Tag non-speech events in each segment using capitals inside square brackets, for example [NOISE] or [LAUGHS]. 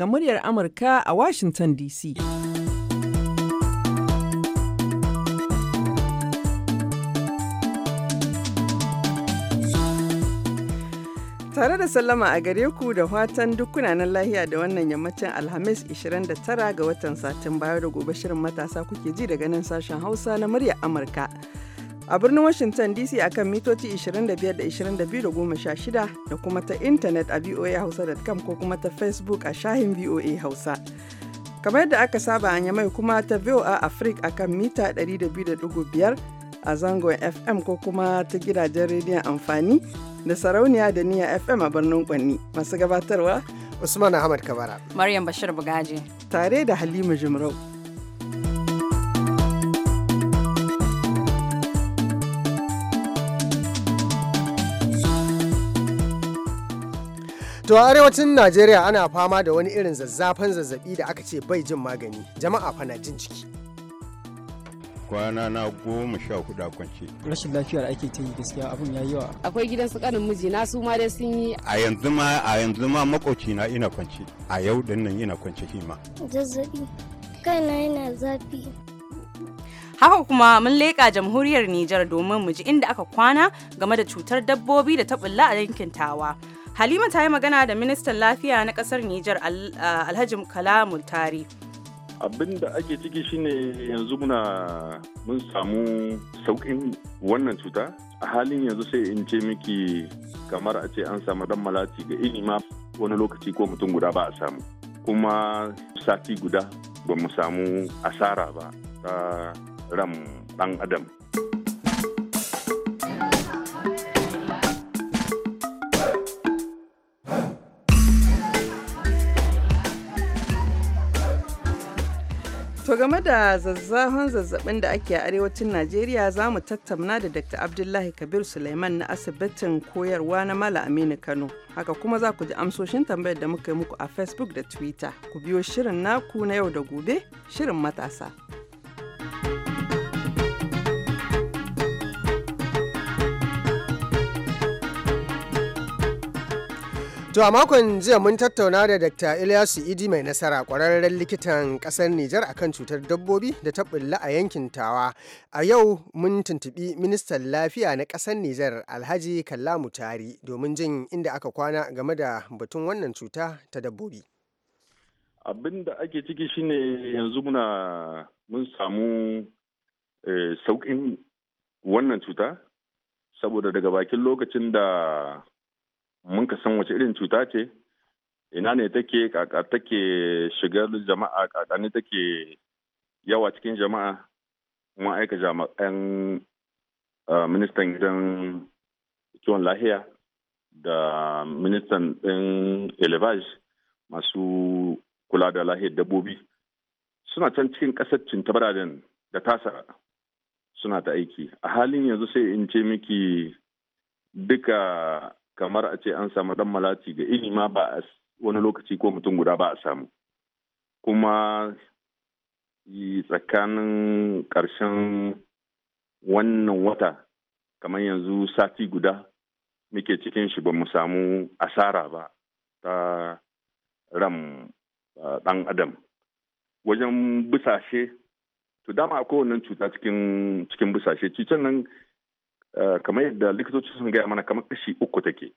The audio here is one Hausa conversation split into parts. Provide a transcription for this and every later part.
daga muryar Amurka a Washington DC. Tare da sallama a gare ku da watan kunanan lahiya da wannan yammacin Alhamis 29 ga watan satin Satumba da gobe shirin matasa kuke ji daga nan sashen Hausa na muryar Amurka. a birnin Washington DC akan mitoci 25 da 22 da da kuma ta intanet a voahausa.com ko kuma ta Facebook a shahin VOA Hausa. Kamar yadda aka saba a mai kuma ta VOA Africa akan mita 200.5 a zangon FM ko kuma ta gidajen rediyon amfani da sarauniya da niya FM a birnin Kwanni. Masu gabatarwa Usman Ahmad Kabara. Maryam Bashir Bugaji. Tare da Halima Jimrau. To a arewacin Najeriya ana fama da wani irin zazzafan zazzabi da aka ce bai jin magani, jama'a fana jin ciki. kwana na goma sha hudu a kwance. Rashin lafiyar ake ta yi gaskiya abun ya yi wa. Akwai gidan su kanin miji na su ma dai sun yi. A yanzu ma a yanzu ma makoci na ina kwance a yau din nan ina kwance shi ma. Zazzabi kaina yana zafi. Haka kuma mun leƙa jamhuriyar Nijar domin mu ji inda aka kwana game da cutar dabbobi da ta bulla a yankin Tawa. halima ta yi magana da ministan lafiya na kasar nijar alhaji kala multari abin da ake ciki shine yanzu muna mun samu sauƙin wannan cuta a halin yanzu sai in ce miki kamar a ce an samu dan malati ga ini ma wani lokaci ko mutum guda ba a samu kuma sati guda ba mu samu asara ba ta ran dan adam game da zazzahon zazzabin da ake a arewacin Najeriya za mu tattauna da Dr. Abdullahi Kabir Suleiman na asibitin koyarwa na Mala Aminu Kano. Haka kuma za ku ji amsoshin tambayar da muka yi muku a Facebook da Twitter. Ku biyo shirin naku na yau da gobe, shirin matasa. To a makon jiya mun tattauna da Dr. Ilyasu Idi mai nasara kwararren likitan kasar Nijar akan cutar dabbobi da ta bulla a yankin Tawa. A yau mun tuntubi ministan lafiya na ƙasar Nijar Alhaji Kallamu Tari domin jin inda aka kwana game da batun wannan cuta ta dabbobi. Abin da ake ciki shine yanzu muna mun samu eh, saukin wannan cuta saboda daga bakin lokacin da mun ka san wace irin cuta ce ina ne take kaka take shigar jama'a kaka ne take yawa cikin jama'a mun aika jami'an ah, ministan gidan kiwon lahiya da ministan ɗin elevage masu kula da lahiyar dabbobi suna can cikin ƙasar cintabaraden da tasa suna ta aiki a halin yanzu sai in ce miki duka kamar a ce an samu dan malaci ga ini ma ba a wani lokaci ko mutum guda ba a samu kuma tsakanin karshen wannan wata kamar yanzu sati guda muke cikin shi ba mu samu asara ba ta ran dan adam wajen busashe to dama a kowane cuta cikin busashe cutar nan Eh, kamar yadda likitoci sun gaya mana kamar kashi uku take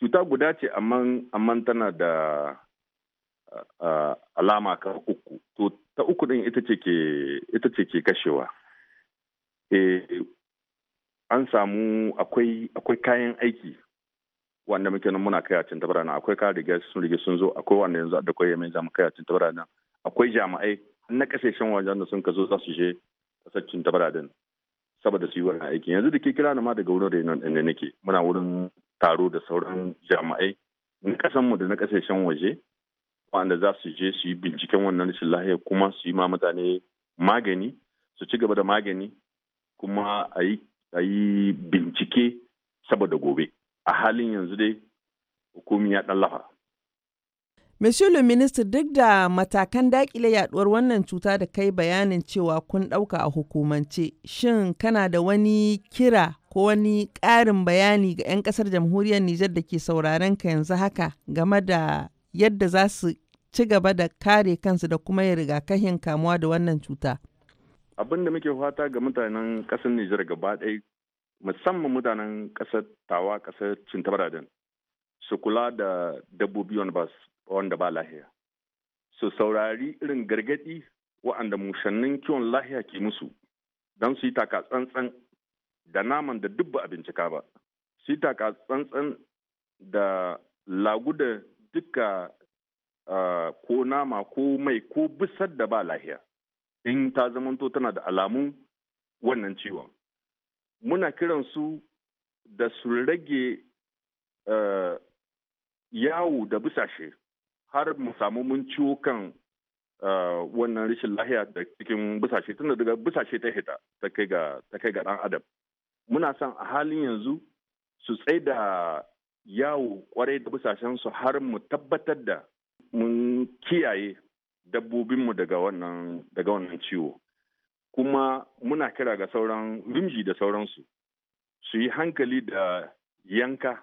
cuta guda ce amma tana da eh, eh, alama kamar uku to ta uku din ita ce ke kashewa an samu akwai kayan aiki wanda muke nan muna kai a cin tabara nan akwai kayan riga sun riga sun zo akwai wanda yanzu da koyi mai zama kai a cin tabara nan akwai jami'ai na kasashen wajen da sun ka zo za su je kasar cin tabara din saboda su yi wani aiki yanzu da ke kira ma daga wurin renon ɗin da nake muna wurin taro da sauran jami'ai na ƙasanmu da na ƙasashen waje wanda za su je su yi binciken wannan rashin lahiya kuma su yi ma mutane magani su ci gaba da magani kuma a yi bincike saboda gobe a halin yanzu dai hukumi ya ɗan lafa Monsieur le ministre duk da matakan dakile yaduwar wannan cuta da kai bayanin cewa kun dauka a hukumance shin kana da wani kira ko wani ƙarin bayani ga 'yan kasar jamhuriyar Nijar da ke sauraron ka yanzu haka game da yadda za su ci gaba da kare kansu da kuma yin rigakafin kamuwa da wannan cuta? Abin da muke fata ga mutanen kasar Nijar gaba ɗaya musamman mutanen ƙasar tawa ƙasar Cintabaradan su kula da dabbobi wani wanda ba lahiya su saurari irin gargadi wa'anda mushannin kiwon lahiya ke musu don su yi taka tsantsan da naman da dubba a bincika ba su yi taka tsantsan da lagu da duka ah, ko nama ko mai ko bisar da ba lahiya in ta zamanto tana da alamu wannan ciwon muna kiran su da su rage ah, yawo da busashe har mu samu mun ciwo kan eh, wannan rashin lahiya da cikin busashe tun busashe ta hita ta kai ga ɗan adam muna son a halin yanzu su tsai da yawo kwarai da busashen su har mu tabbatar da mun kiyaye dabbobinmu daga wannan daga wannan ciwo kuma muna kira ga sauran rimji da sauransu su yi hankali da yanka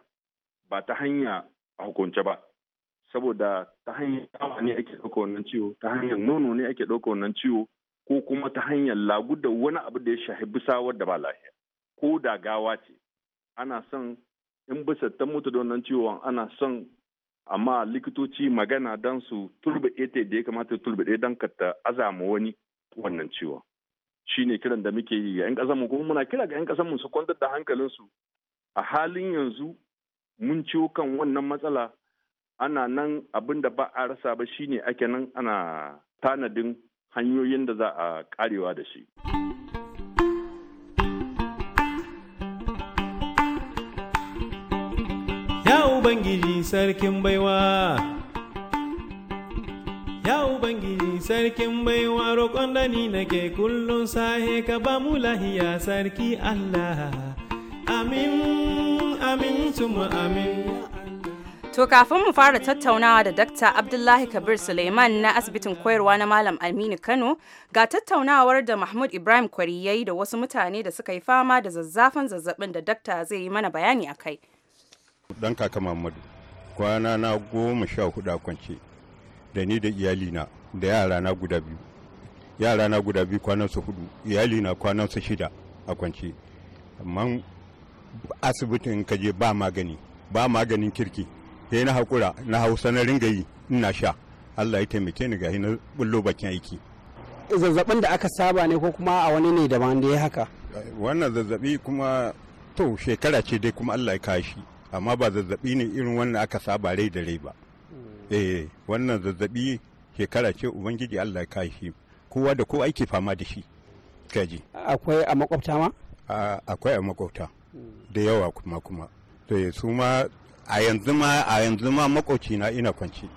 ba ta hanya a hukunce ba saboda ta hanyar dawa ne ake ɗauka wannan ciwo ta hanyar nono ne ake ɗauka wannan ciwo ko kuma ta hanyar lagu da wani abu da ya shahi bisa wadda ba lahiya ko da gawa ce ana son in bisa ta mutu da wannan ciwon ana son amma likitoci magana don su turba ta da ya kamata ɗaya don ka ta azama wani wannan ciwon shi ne kiran da muke yi ga 'yan ƙasarmu kuma muna kira ga 'yan ƙasarmu su kwantar da hankalinsu a halin yanzu mun ciwo kan wannan matsala ana nan abin da ba a rasa ba shine ake nan ana tanadin hanyoyin da za a karewa da shi. Ya Ubangiji sarkin baiwa Ya Ubangiji sarkin baiwa roƙon da ni nake kullum sahe ka ba mu lahiya sarki Allah. Amin, amin, tuma amin. To kafin mu fara tattaunawa da Dr. Abdullahi Kabir Suleiman na asibitin koyarwa na Malam Aminu Kano ga tattaunawar da Mahmud Ibrahim Kwari ya yi da wasu mutane da suka yi fama da zazzafan zazzabin da Dr. zai yi mana bayani a kai. Dan kaka mahmudu kwana na goma sha hudu a kwance da ni da iyalina da yara na guda biyu. Yara na guda biyu kwanan su hudu, iyalina kwanan su shida a kwance. Amma asibitin kaje ba magani, ba maganin kirki. sai na haƙura na hausa na ringa yi ina sha allah ya taimake ni gahi na bullo bakin aiki zazzabin da aka saba ne ko kuma a wani ne daban da ya haka wannan zazzabi kuma to shekara ce dai kuma allah ya kashi amma ba zazzabi ne irin wannan aka saba rai da rai ba eh wannan zazzabi shekara ce ubangiji allah ya kashi kowa da ko aiki fama da shi kaji akwai a makwabta ma akwai a makwabta da yawa kuma kuma to su ma a yanzu ma a yanzu ma makoci na ina kwanci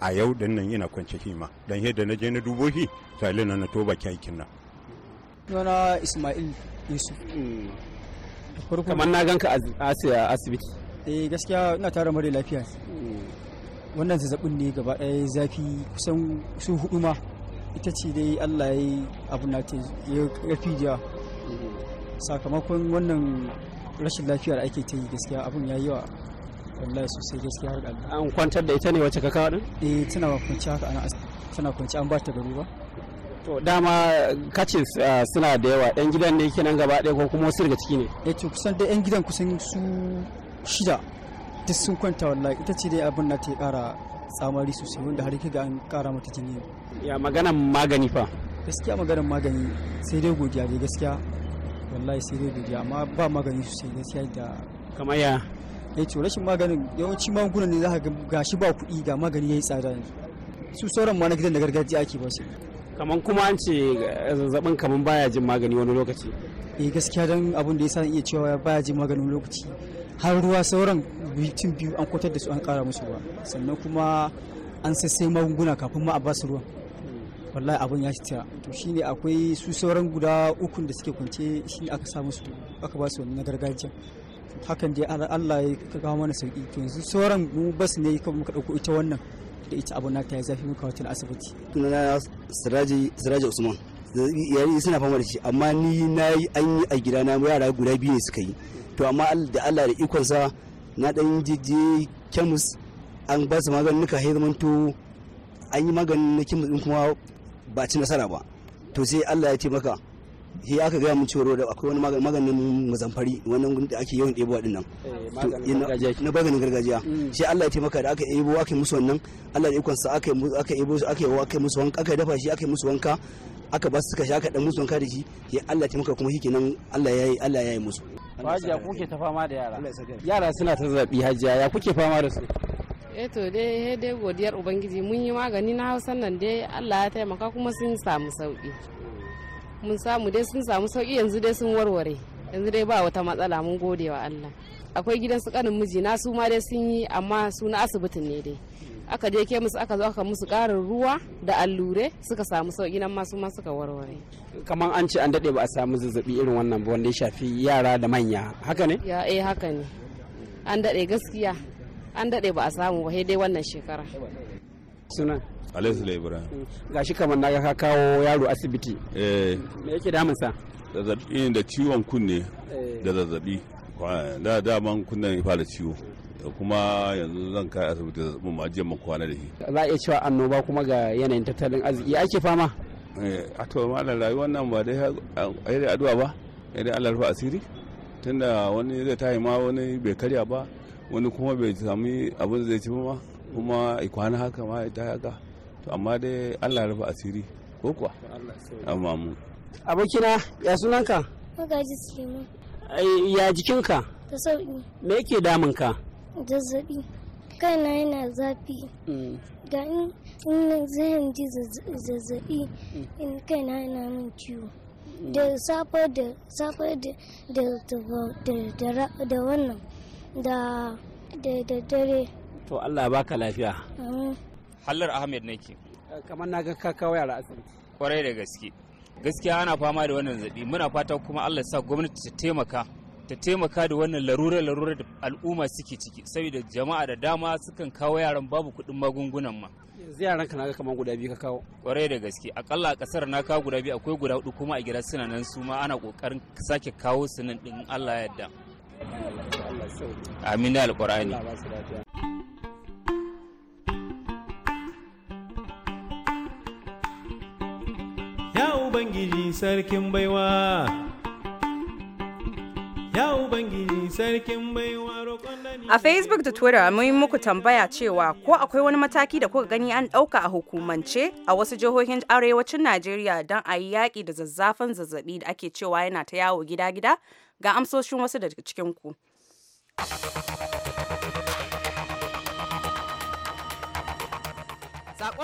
a yau din nan ina kwance shi ma dan yadda na je na dubo shi sai na na toba aikin na yana Ismail Yusuf hmm. kamar na ganka a asibiti eh gaskiya ina tara mare lafiya hmm. wannan zazzabin ne gaba ɗaya zafi kusan su hudu ma ita ce dai Allah ya yi abu na ce ya fijiya hmm. sakamakon wannan rashin lafiyar ake ta yi gaskiya abun ya yi yawa wallahi sosai gaskiya har Allah an kwantar da ita ne wacce ka kawo din eh tana kwanci haka ana tana kwanci an ba ta gado ba to dama kacin ah, suna da yawa yan gidan ne kenan gaba ɗaya ko kuma wasu daga ciki ne eh to kusan da yan gidan kusan su shida duk sun kwanta wallahi ita ce dai abin da ta ƙara tsamari sosai wanda har ga an ƙara mata jini ya maganan magani fa gaskiya maganan magani sai dai godiya dai gaskiya wallahi sai dai godiya amma ba magani sosai gaskiya da kamar ya eh to rashin maganin yawanci magunan ne za ka gashi ba kuɗi ga magani yayi tsada ne su sauran ma na gidan da gargajiya ake ba su kaman kuma an ce eh, zazzabin kaman baya jin magani wani lokaci eh gaskiya dan abin da ya san iya cewa baya jin magani wani lokaci har ruwa sauran bitin biyu an kwatar da su an kara musu ruwa sannan kuma an sassai magunguna kafin ma a ba su ruwa wallahi abin ya shita to shine akwai su sauran guda ukun da suke kwance shi aka sa musu aka ba su wani na gargajiya hakan dai Allah ya kawo mana sauki to yanzu sauran mu bas ne kuma muka dauko ita wannan da ita abu nata ya zafi muka wata asibiti na Siraji Siraji Usman yayi suna fama da shi amma ni na an yi a gida na yara guda biyu ne suka yi to amma da Allah da sa na dan je kemis an ba su maganin nuka zamanto an yi maganin na kemis din kuma ba ci nasara ba to sai Allah ya ce maka shi aka gaya mun cewa da akwai wani maganin muzamfari wannan gudun da ake yawan ɗebowa din nan eh, na maganin gargajiya mm. shi Allah ya taimaka da aka ɗebo aka musu wannan Allah ya ikonsa aka aka ɗebo shi aka aka musu wanka aka dafa shi aka musu wanka aka ba su kashi aka dan musu wanka da shi ya Allah ya taimaka kuma kenan Allah ya yi Allah ya yi musu hajiya kuke ta fama da yara yara suna ta zabi hajiya ya kuke fama da su eh to dai dai godiyar ubangiji mun yi magani na hausan nan dai Allah ya taimaka kuma sun samu sauki mun samu dai sun samu sauki yanzu dai sun warware yanzu dai ba wata matsala mun gode wa Allah akwai gidan su kanin miji na su ma dai sun yi amma su na asibitin ne dai aka je ke musu aka zo aka musu karin ruwa da allure suka samu sauki nan ma su ma suka warware kaman an ce an dade ba a samu zazzabi irin wannan ba wanda ya shafi yara da manya haka ne ya eh haka ne an dade gaskiya an dade ba a samu ba sai dai wannan shekara sunan alhaji Ga shi kamar na ka kawo yaro asibiti eh me yake damunsa zazzabi da ciwon kunne eh. da zazzabi da daman kunnen ya fara ciwo kuma yanzu zan kai asibiti da zazzabin ma jiya kwana da shi za a iya cewa annoba kuma ga yanayin tattalin arziki ya ake fama eh, a to malam rayuwar nan ba dai ayyar addu'a ba idan Allah rufa asiri tunda wani zai tayi ma wani bai karya ba wani kuma bai sami abin zai ci ma kuma ikwana haka ma ya haka to amma dai allah rufe asiri ko kuwa amma mu abokina ya sunanka magaji suleiman ya jikinka ta sauki me yake damunka zazzabi kaina yana zafi da mm. in zan ji zazzabi in kaina yana min ciwo da safe da safe da da wannan da da dare to Allah baka lafiya hallar ahmed nake kamar na ga ka kawo yara asibiti kwarai da gaske gaskiya ana fama da wannan zabi muna fata kuma allah sa gwamnati ta taimaka ta taimaka da wannan larurar larurar da al'umma suke ciki saboda jama'a da dama sukan kawo yaran babu kuɗin magungunan ma yanzu yaran ka naga kamar guda biyu ka kawo kwarai da gaske akalla a kasar na kawo guda biyu akwai guda hudu kuma a gida suna nan su ma ana kokarin sake kawo su nan din Allah ya amin da alƙur'ani Ya Ubangiji sarkin baiwa. Ya Ubangiji sarkin baiwa A Facebook da Twitter mun yi muku tambaya cewa ko akwai wani mataki da kuka gani an ɗauka a hukumance a wasu jihohin arewacin Najeriya don a yi yaƙi da zazzafan zazzabi da ake cewa yana ta yawo gida-gida ga amsoshin wasu daga cikin ku.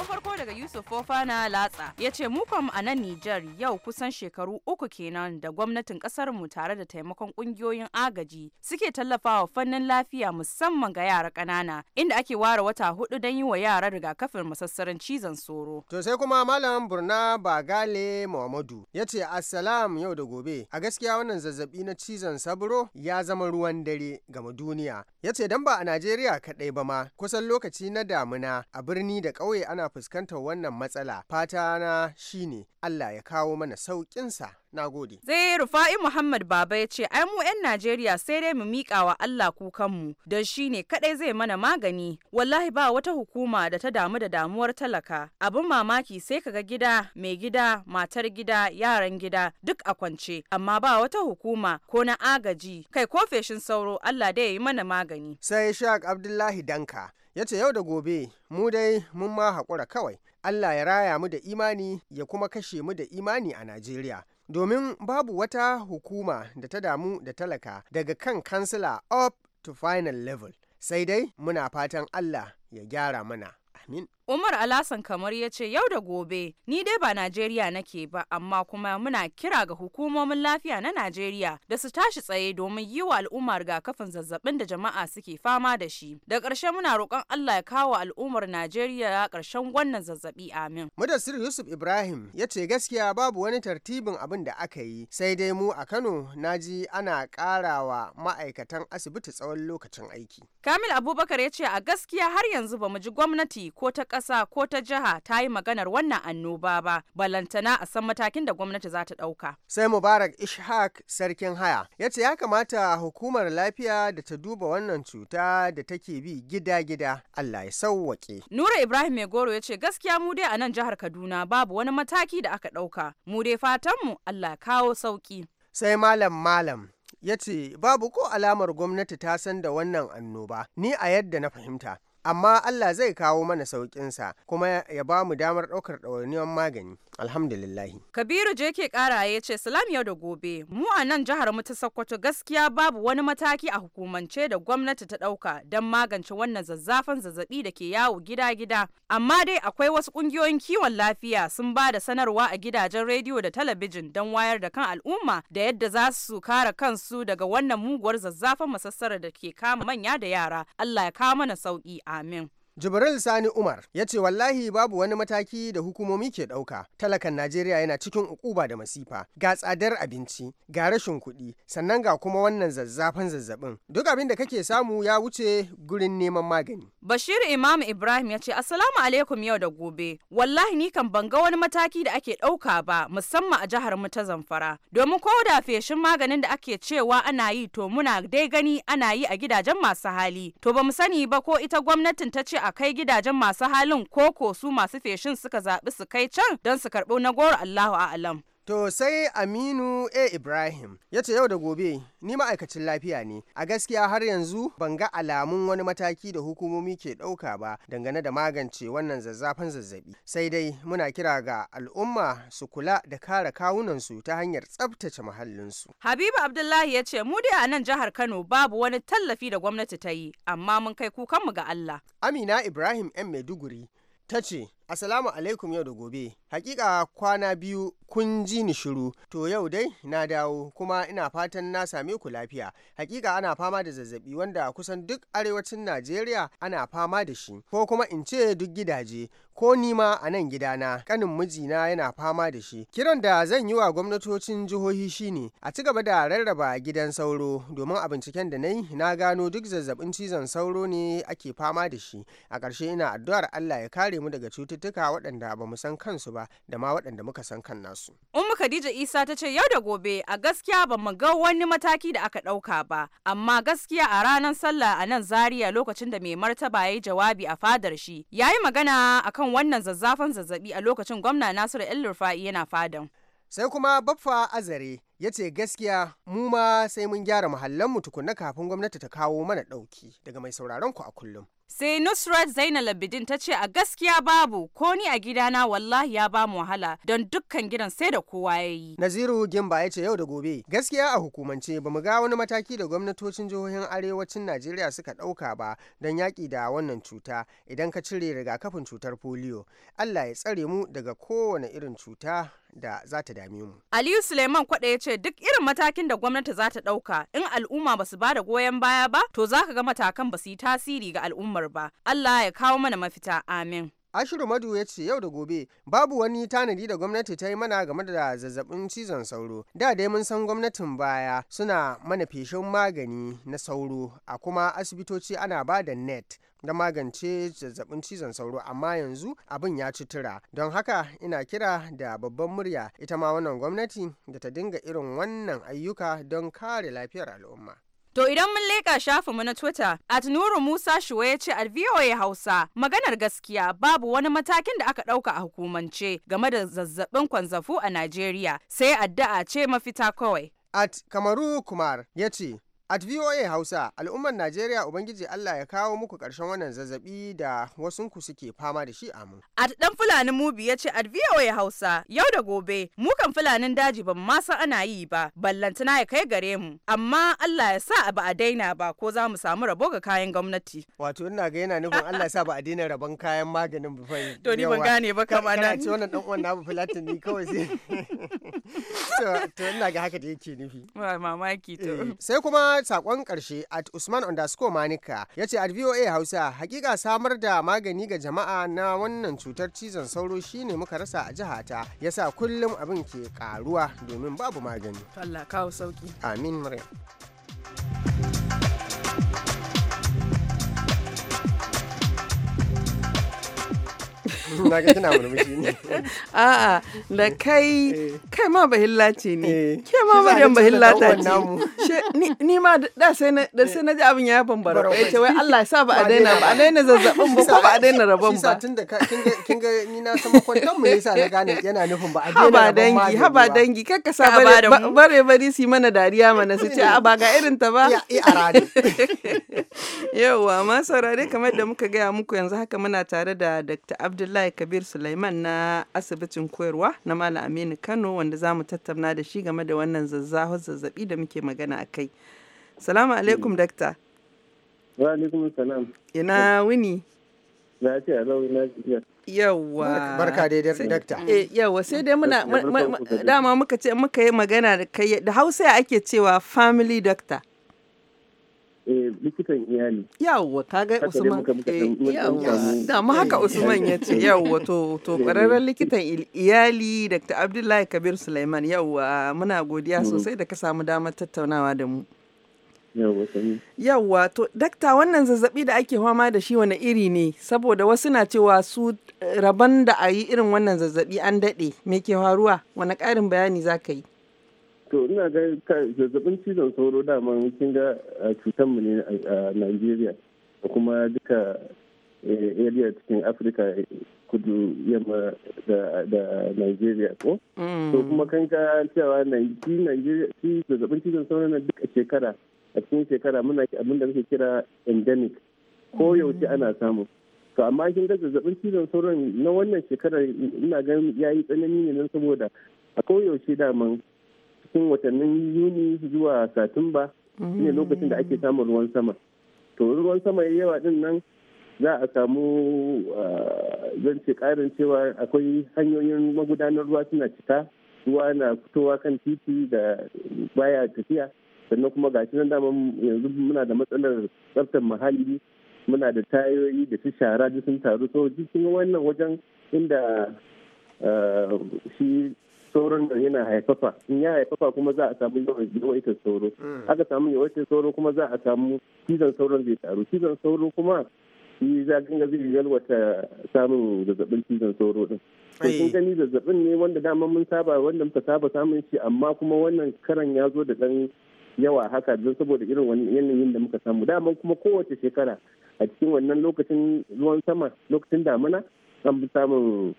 Sakon farko daga Yusuf Fofana Latsa ya ce mu a nan Nijar yau kusan shekaru uku kenan da gwamnatin kasar mu tare da taimakon kungiyoyin agaji suke tallafawa fannin lafiya musamman ga yara ƙanana inda ake ware wata hudu don yi wa yara rigakafin masassarin cizon soro. To sai kuma Malam Burna Bagale Muhammadu ya ce Assalam yau da gobe a gaskiya wannan zazzabi na cizon sabro ya zama ruwan dare gama duniya ya ce dan ba a Najeriya kaɗai ba ma kusan lokaci na damuna a birni da ƙauye ana fuskantar wannan matsala fata na shine Allah ya kawo mana sauƙinsa na gode. Zai Rufa'i Muhammad Baba ya ce, ai mu 'yan Najeriya sai dai mu miƙa wa Allah kukanmu don shi ne kaɗai zai mana magani. Wallahi ba wata hukuma da ta damu da damuwar talaka. Abin mamaki sai ka ga gida, mai gida, matar gida, yaran gida duk a kwance. Amma ba wata hukuma ko na agaji, kai ko feshin sauro Allah dai ya yi mana magani. Sai shak Abdullahi Danka ya ce yau da gobe mu dai mun ma haƙura kawai Allah ya raya mu da imani ya kuma kashe mu da imani a Najeriya. Domin babu wata hukuma da ta damu da talaka daga kan kansila up to final level. Sai dai muna fatan Allah ya gyara mana. Amin. Umar Alasan kamar ya ce yau da gobe ni dai ba Najeriya nake ba amma kuma muna kira ga hukumomin lafiya na Najeriya da su tashi tsaye domin yi wa al'umma rigakafin zazzabin da jama'a suke fama da shi. Da ƙarshe muna roƙon Allah ya kawo al'ummar Najeriya ƙarshen wannan zazzabi amin. Mudassir Yusuf Ibrahim ya ce gaskiya babu wani tartibin abin da aka yi sai dai mu a Kano na ji ana ƙarawa ma'aikatan asibiti tsawon lokacin aiki. Kamil Abubakar ya ce a gaskiya har yanzu ba mu ji gwamnati ko ta ƙasa ko ta jiha ta yi maganar wannan annoba ba balantana a san matakin da gwamnati za ta ɗauka. Sai Mubarak Ishaq sarkin haya ya ce ya kamata hukumar lafiya da ta duba wannan cuta da take bi gida-gida Allah ya sauwaƙe. Nura Ibrahim Megoro ya ce gaskiya mu dai a nan jihar Kaduna babu wani mataki da aka ɗauka mu dai fatanmu Allah kawo sauki. Sai malam malam ya ce babu ko alamar gwamnati ta san da wannan annoba ni a yadda na fahimta amma Allah zai kawo mana sauƙinsa kuma ya ba mu damar ɗaukar ɗawainiyar magani alhamdulillahi kabiru je ke ƙara ya ce salam yau da gobe mu a nan jihar mu ta sokoto gaskiya babu wani mataki a hukumance da gwamnati ta ɗauka don magance wannan zazzafan zazzabi da ke yawo gida-gida amma dai akwai wasu ƙungiyoyin kiwon lafiya sun ba da sanarwa a gidajen rediyo da talabijin don wayar da kan al'umma da yadda za su kare kansu daga wannan muguwar zazzafan masassara da ke kama manya da yara Allah ya kawo mana sauƙi Amém. Jibril Sani Umar ya ce wallahi babu wani mataki da hukumomi ke ɗauka. Talakan Najeriya yana cikin ukuba da masifa, ga tsadar abinci, ga rashin kuɗi, sannan ga kuma wannan zazzafan zazzabin. Duk abin da kake samu ya wuce gurin neman magani. Bashir Imam Ibrahim ya ce Assalamu alaikum yau da gobe. Wallahi ni kan ban wani mataki da ake ɗauka ba musamman a jihar mu ta Zamfara. Domin ko da feshin maganin da ake cewa ana yi to muna dai gani ana yi a gidajen masu hali. To ba mu sani ba ko ita gwamnatin ta ce a kai gidajen masu halin ko su masu feshin suka zaɓi su kai can don su karɓo na goro Allahu a'alam. To sai Aminu A. Eh, Ibrahim ya ce yau da gobe ni ma'aikacin lafiya ne a gaskiya har yanzu ban ga alamun wani mataki da hukumomi ke ɗauka ba dangane da magance wannan zazzafan zazzabi sai dai muna kira ga al'umma su kula da kare kawunansu ta hanyar tsabtace muhallinsu. Habibu Abdullahi ya ce mu dai a nan jihar Kano babu wani tallafi da gwamnati ta yi amma mun kai kukanmu ga Allah. Amina Ibrahim 'yan Maiduguri ta ce Assalamu alaikum yau da gobe. Hakika kwana biyu kun ji ni shiru, to yau dai na dawo kuma ina fatan na same ku lafiya. Hakika ana fama da zazzabi wanda kusan duk arewacin Najeriya ana fama da shi, ko kuma in ce duk gidaje, ko nima a nan gidana, kanin mijina yana fama da shi. Kiran da zan yi wa gwamnatocin jihohi shine a ci gaba da rarraba gidan sauro domin a binciken da na na gano duk zazzabin cizon sauro ne ake fama da shi. A ƙarshe ina addu'ar Allah ya kare mu daga cutar cututtuka waɗanda ba mu san kansu ba da ma waɗanda muka san kan nasu. Ummu Khadija Isa ta ce yau da gobe a gaskiya ba mu ga wani mataki da aka ɗauka ba amma gaskiya a ranar sallah a nan zariya lokacin da mai martaba ya yi jawabi a fadar shi ya yi magana a kan wannan zazzafan zazzabi a lokacin gwamna Nasiru El Rufai yana fadan. sai kuma baffa azare ya ce gaskiya mu ma sai mun gyara mu tukunna kafin gwamnati ta kawo mana ɗauki daga mai sauraron ku a kullum sai nusrat zainal labidin ta ce a gaskiya babu ko ni a gidana wallahi ya ba mu wahala don dukkan gidan sai da kowa ya yi naziru gimba ya ce yau da gobe gaskiya a hukumance ba mu ga wani mataki da gwamnatocin jihohin arewacin najeriya suka ɗauka ba don yaƙi da wannan cuta idan ka cire rigakafin cutar polio allah ya tsare mu daga kowane irin cuta da za ta dame mu. Aliyu Suleiman kwaɗa ya ce duk irin matakin da gwamnati za ta ɗauka in al'umma ba su ba da goyon baya ba to za ka ga matakan ba su yi tasiri ga al'ummar al'ummar ba. Allah ya kawo mana mafita amin. Ashiru Madu ya ce yau da gobe babu wani tanadi da gwamnati ta yi mana game da zazzabin cizon sauro. Da dai mun san gwamnatin baya suna mana feshin magani na sauro a kuma asibitoci ana ba da net da magance zazzabin cizon sauro amma yanzu abin ya ci tura don haka ina kira da babban murya ita ma wannan gwamnati da ta dinga irin wannan ayyuka don kare lafiyar al'umma. To idan mun leƙa mu na Twitter, at Nuru Musa Shuwa ya ce at VOA Hausa, maganar gaskiya babu wani matakin da aka ɗauka a hukumance game da zazzaɓin kwanzafu a Najeriya, sai addu'a ce mafita kawai. At Kamaru Kumar ya ce, At VOA Hausa, al'ummar Najeriya Ubangiji Allah ya kawo muku karshen wannan zazzabi da wasunku suke fama da shi a mu. At ɗan Fulani Mubi ya ce at VOA Hausa, yau da gobe, mu kan Fulanin daji ban ma san ana yi ba, ballantana ya kai gare mu. Amma Allah ya sa a ba a daina ba ko za mu samu rabo ga kayan gwamnati. Wato ina ga yana nufin Allah ya sa ba a daina rabon kayan maganin ba fai. [LAUGHS] To ni ban gane ba kama nan. Kana ce wannan ɗan uwan namu filatin ni kawai sai. [LAUGHS] [LAUGHS] To ina ga haka da yake nufi. Mamaki to. Eh, sai kuma kuma sakon karshe at usman underscore manika ya ce at voa hausa hakika samar da magani ga jama'a na wannan cutar cizon sauro shine muka rasa a jihata yasa kullum abin ke karuwa domin babu magani allah kawo sauki amin maryam na ga tana murmushi ne a'a da eh. kai eh. kai ma bahilla ce ne eh. ke ma maryam bahilla ta ce ni ma da sai na da sai na ji abin ya bambara ya ce wai Allah ya sa ba a daina ba a daina zazzabin ba ko ba a daina rabon ba tun da kin ga ni na san kwantan mu yasa na gane yana nufin ba a daina ba dangi haba dangi kar ka sa bare bari su mana dariya mana su ce [LAUGHS] a ba ga irin ta ba [LAUGHS] yauwa ma saurare kamar da muka gaya muku yanzu haka muna tare da Dr. Abdullahi Abdullahi Kabir Sulaiman na asibitin koyarwa na Malam Aminu Kano wanda za mu tattauna da shi game da wannan zazzahar zazzabi da muke magana a kai. Salamu alaikum dakta. Wa alaikum salam. Ina wuni. Na ce a na jiya. Yawwa. Barka dai da dakta. Eh, yawwa sai dai muna dama muka ce muka yi magana da kai da Hausa ake cewa family doctor. Eh, likitan iyali. Yawwa kaga Usman eh, yawwa mu haka eh, Usman ya ce yawwa to to likitan iyali Dr. Abdullahi Kabir Sulaiman yawwa muna godiya mm. sosai da ka samu damar tattaunawa da mu. Yawwa to dakta wannan zazzabi da ake fama da shi wani iri ne saboda wasu na cewa su rabon da a yi irin wannan zazzabi an daɗe me ke faruwa wani ƙarin bayani za ka yi. to ina ga zazzabin cizon sauro daman kin ga mu ne a Najeriya da kuma duka e, area cikin Afirka e, kudu yamma da Najeriya ko? Mm. To kuma kan ga cewa shi zazzabin cizon sauro na duka shekara a cikin shekara muna abin da muke kira endemic ko mm. yaushe ana samu. to amma kin ga zazzabin cizon sauron na wannan shekarar ina ganin ya yi tsanani ne nan saboda a koyaushe daman cikin watannin yuni zuwa satumba shine mm. lokacin da ake samun ruwan sama to ruwan sama ya yawa din nan za a samu ah, zan ce karin cewa akwai hanyoyin magudanar ruwa suna cika ruwa na fitowa kan titi da baya tafiya sannan kuma ga nan dama yanzu muna da matsalar tsaftar muhalli muna da tayoyi da su shara duk sun taru so jikin wannan wajen inda ah, shi sauron da yana haifafa in ya haifafa kuma za a samu yawaitar sauro mm. aka samu yawaitar sauro kuma za a samu cizon sauron zai taru cizon sauro kuma shi za ga zai yalwata samun zazzabin cizon sauro din kun gani zazzabin ne wanda dama mun saba wanda muka saba samun shi amma kuma wannan karan ya zo da dan yawa haka don saboda irin wani yanayin da muka samu daman kuma kowace shekara a cikin wannan lokacin ruwan sama lokacin damina an fi samun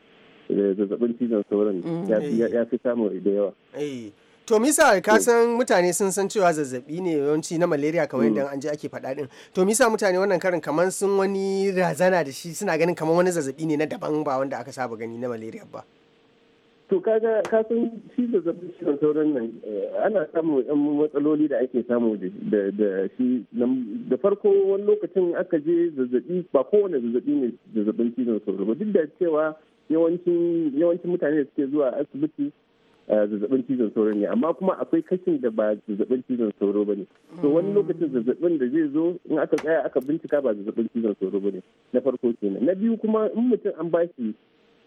zazzabin cizon sauran mm. eh. ya fi samu da yawa eh. to misa ka mm. san mutane sun san cewa zazzabi ne yawanci na malaria kamar yadda mm. an ji ake faɗa din to misa mutane wannan karin kamar sun wani razana da shi suna ganin kamar wani zazzabi ne na daban ba wanda aka saba gani na malaria ba to kaga ka san shi zazzabin cizon sauran nan eh, ana samun yan matsaloli da ake samu da shi da farko wani lokacin aka je zazzabi ba kowane zazzabi ne zazzabin cizon sauran ba duk da cewa yawancin mutane da suke zuwa asibiti eh, zazzabin cizon sauro ne amma kuma akwai kashin da ba zazzabin cizon sauro ba ne to wani mm. lokacin zazzabin da zai zo in aka tsaya aka bincika ba zazzabin cizon sauro ba ne na farko kenan na biyu kuma in mutum an bashi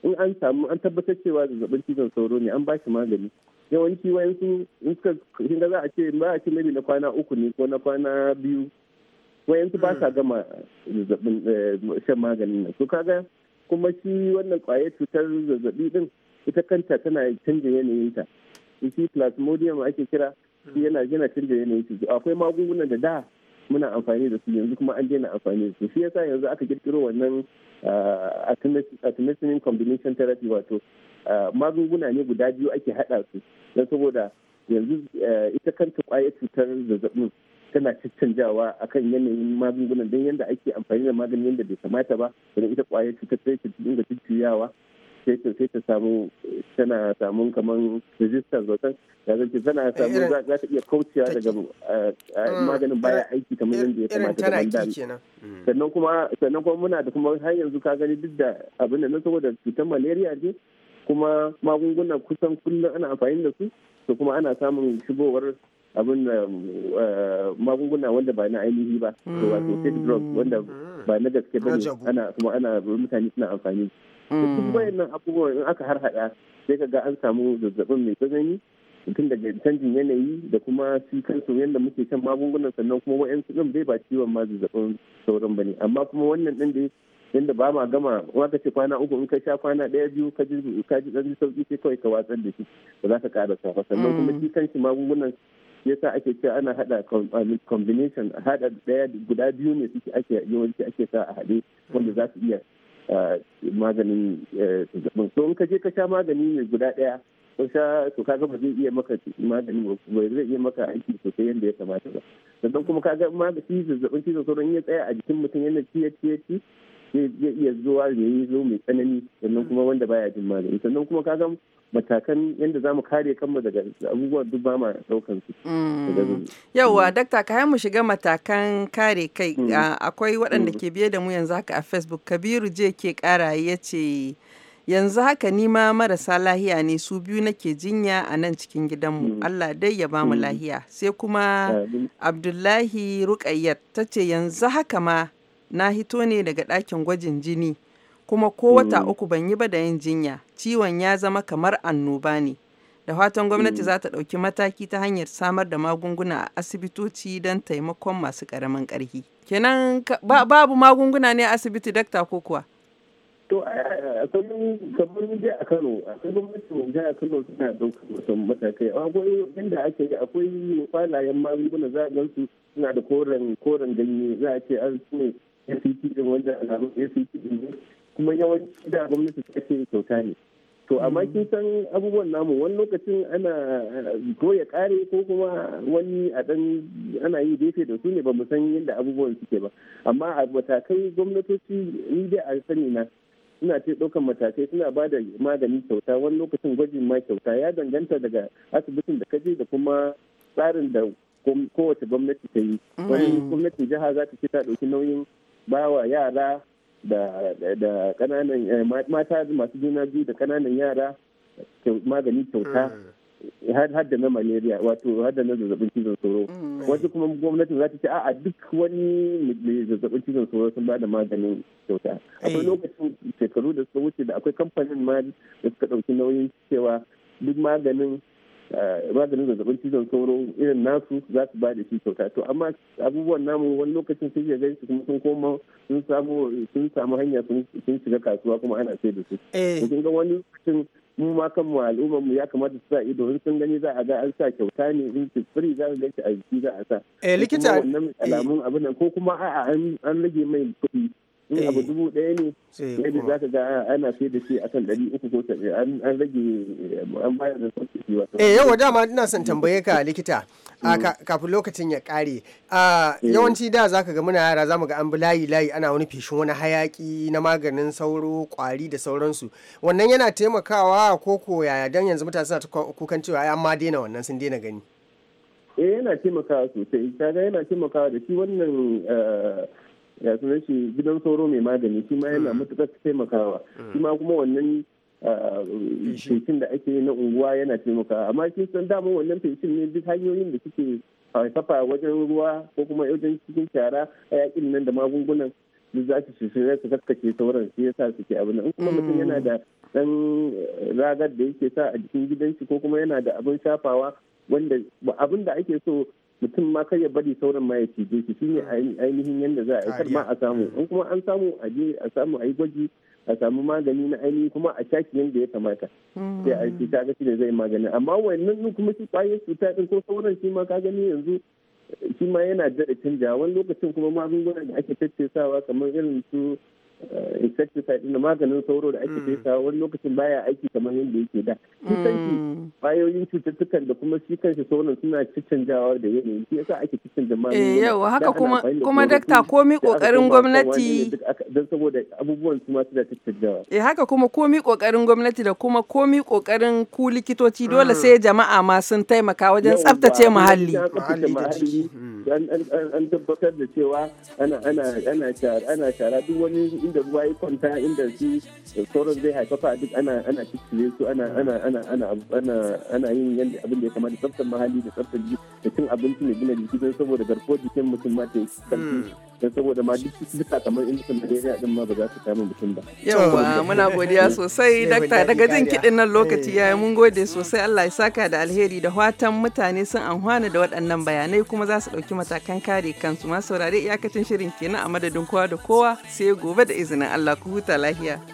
in an samu an tabbatar cewa zazzabin cizon sauro ne an bashi magani yawanci wayansu in suka kinga za a ce ba a ce mai na kwana uku ne ko na kwana biyu wayansu ba sa mm. gama zazzabin eh, shan maganin nan to kaga kuma shi wannan kwayar cutar zazzabi din ita kanta tana canja yanayinta shi plasmodium ake kira shi yana gina canja yanayin cuta akwai magungunan da da muna amfani da su yanzu kuma an daina amfani da su shi yasa yanzu aka kirkiro wannan artemisinin ah, combination therapy wato ah, magunguna ne guda biyu ake haɗa su don saboda yanzu eh, ita kanta kwayar cutar zazzabin tana caccanjawa akan yanayin magungunan don yadda ake amfani da magani yadda bai kamata ba idan ita kwaya cutar sai ta dinga jujjuyawa sai ta sai ta samu tana samun kamar resistance wasan ya tana eh, samu za ta iya kaucewa daga eh, eh, mm. maganin baya aiki kamar yadda ya kamata da banda mm. sannan kuma sannan kuma muna da kuma har yanzu ka gani duk da abin da na saboda cutar malaria ne kuma magunguna kusan kullum ana amfani da su to kuma ana samun shigowar abin eh, magunguna wanda ba na ainihi ba mm. wato fake drugs wanda mm. ba na gaske ba ana kuma ana mutane suna amfani duk mm. wayannan abubuwan in aka har harhaɗa sai ka ga an samu zazzabin mai tsanani tun daga canjin yanayi da kuma kan kansu yadda muke kan magungunan sannan kuma wa'yansu din bai ba ciwon ma zazzabin sauran ba ne amma kuma wannan din da yadda ba ma gama ka ce kwana uku in ka sha kwana ɗaya biyu ka ji ji sauki sai kawai ka watsar da shi ba za ka ƙara sa sannan kuma shi kanshi magungunan yasa ake cewa ana hada combination hada daya guda biyu ne suke ake yawanci ake sa a hade wanda za su iya eh, maganin eh, zazzabin so in ka je ka sha magani mai guda daya ko sha to kaga ba zai iya maka magani ba zai iya maka aiki sosai yadda ya kamata ba sannan kuma ga magani zazzabin cizon sauran ya tsaya a jikin mutum yana ciye ciye ci zai iya zuwa ne yi zo mai tsanani sannan kuma wanda baya jin magani sannan kuma ga matakan yadda za mu kare kanmu daga abubuwan duk ba ma daukan su. Mm. Yauwa, mm. dakta ka mu shiga matakan kare kai mm. ah, akwai waɗanda ke biye da mu yanzu haka a Facebook Kabiru je ke ƙara ya ce yanzu haka nima marasa lahiya ne su biyu nake jinya a nan cikin gidanmu Allah dai ya bamu lahiya sai kuma Abdullahi Ruƙayyat ta ce yanzu haka ma na hito ne daga ɗakin gwajin jini. kuma ko wata mm. uku ban yi ba da yin jinya ciwon ya zama kamar annoba ne da fatan gwamnati mm. za ta ɗauki mataki ta hanyar samar da magunguna a asibitoci don taimakon masu ƙaramin ƙarfi kenan babu magunguna ne a asibiti dakta ko kuwa to kullum kamar je a kano a gwamnati je a kano suna ɗaukar wasu matakai akwai inda ake yi akwai kwalayen magunguna za a su suna da koren koren ganye za a ce an ne act din wanda alamun act din kuma yawanci da gwamnati take kyauta ne to amma mm. kin san abubuwan namu wani lokacin ana eh, ko ya kare ko kuma wani a dan ana yi gefe da su ne ba mu san yadda abubuwan suke ba amma a matakai gwamnatoci ni dai a sani na suna ce ɗaukan matakai suna ba da magani kyauta wani lokacin gwajin ma kyauta ya danganta daga asibitin da kaje da kuma tsarin da kowace gwamnati ta yi wani mm. gwamnatin jiha za ta ce ta ɗauki nauyin bawa yara da kananan eh, mata masu juna biyu da kananan yara magani kyauta hmm. har da na malaria wato har da na zazzabin cizon sauro hmm. wasu kuma gwamnatin za ta ce a'a duk wani mai zazzabin cizon sauro sun ba da maganin kyauta akwai lokacin shekaru da suka wuce da akwai kamfanin ma da suka ɗauki nauyin cewa duk maganin Eh, maganin zazzabin cizon sauro irin nasu za su ba da shi kyauta to amma abubuwan namu wani lokacin sun yi gaisu kuma sun koma sun samu sun samu hanya sun shiga kasuwa kuma ana sai da su eh. kun ga wani lokacin mu ma kanmu al'umma mu ya kamata su sa ido in sun gani za a ga an sa kyauta ne in ci firi za a gaisu a jiki za a sa eh likita alamun abin nan ko kuma a'a an rage mai kuɗi in eh. abu dubu ɗaya ne da eh, za ka ga ana sai da shi akan ɗari uku ko sabi an rage an bayar da sauƙi wato. eh yawa dama ina son tambaye ka likita mm. kafin lokacin ya ƙare eh. yawanci da za ka ga muna yara za mu ga an bi layi layi ana wani feshin wani hayaƙi na maganin sauro ƙwari da sauransu wannan yana taimakawa ko ko yaya dan yanzu mutane suna kukan cewa an ma daina wannan sun daina gani. eh yana taimakawa sosai kaga yana taimakawa da shi wannan ya sunan shi gidan sauro mai magani shi ma yana hmm. matuƙar taimakawa hmm. shi ma kuma wannan ah, feshin da ake na unguwa yana taimakawa amma shi san dama wannan feshin ne duk hanyoyin da suke kafa wajen ruwa ko kuma wajen cikin shara a yakin nan da magungunan da za su shirya su kaskace sauran shi yasa suke abin in kuma mutum yana hmm. da dan ragar da yake sa a jikin gidan shi ko kuma yana da abin shafawa wanda abin da ake so mutum ma kar ya bari sauran ma ya cije shi shine hmm. ainihin yanda za a aikar ma a samu hmm. in kuma an samu a je a samu a yi gwaji a samu magani na ainihi kuma a shaki yanda ya kamata hmm. sai a ce kaga shi da zai magani amma wannan kuma shi kwayar cuta din ko sauran shi ma ka gani yanzu shi ma yana da canja wani lokacin kuma magunguna da ake tattasawa kamar irin su Eh, insecticide na maganin sauro da ake mm. fesa wani lokacin baya aiki kamar yadda yake da shi kanshi mm. kwayoyin cututtukan da kuma shi kanshi sauran suna ciccanjawa da yanayi shi yasa ake ciccanja eh, magani eh yawa haka kuma kuma dakta komi kokarin gwamnati don saboda abubuwan su ma suna ciccanjawa eh haka kuma komi kokarin gwamnati da kuma komi kokarin ku likitoci mm. dole sai jama'a ma sun taimaka wajen tsaftace muhalli an tabbatar da cewa ana ana ana shara duk wani inda ruwa ya kwanta inda su sauran zai haifafa duk ana ana cikin su ana ana ana ana ana ana yin yanda abin da ya kamata tsaftar mahalli da tsaftar jiki da cin abinci mai gina jiki don saboda garkuwar jikin mutum ma ta yi hmm. don saboda ma duk cututtuka kamar in mutum malaria din ma ba za su samu mutum ba. Yawwa muna godiya [LAUGHS] sosai dakta daga jin kiɗin nan lokaci eh. ya mun gode sosai Allah ya saka da alheri da watan mutane sun amfana da waɗannan bayanai kuma za su ɗauki matakan kare kansu ma saurare iyakacin shirin kenan a madadin kowa da kowa sai gobe da da izinin Allah ku huta lahiya.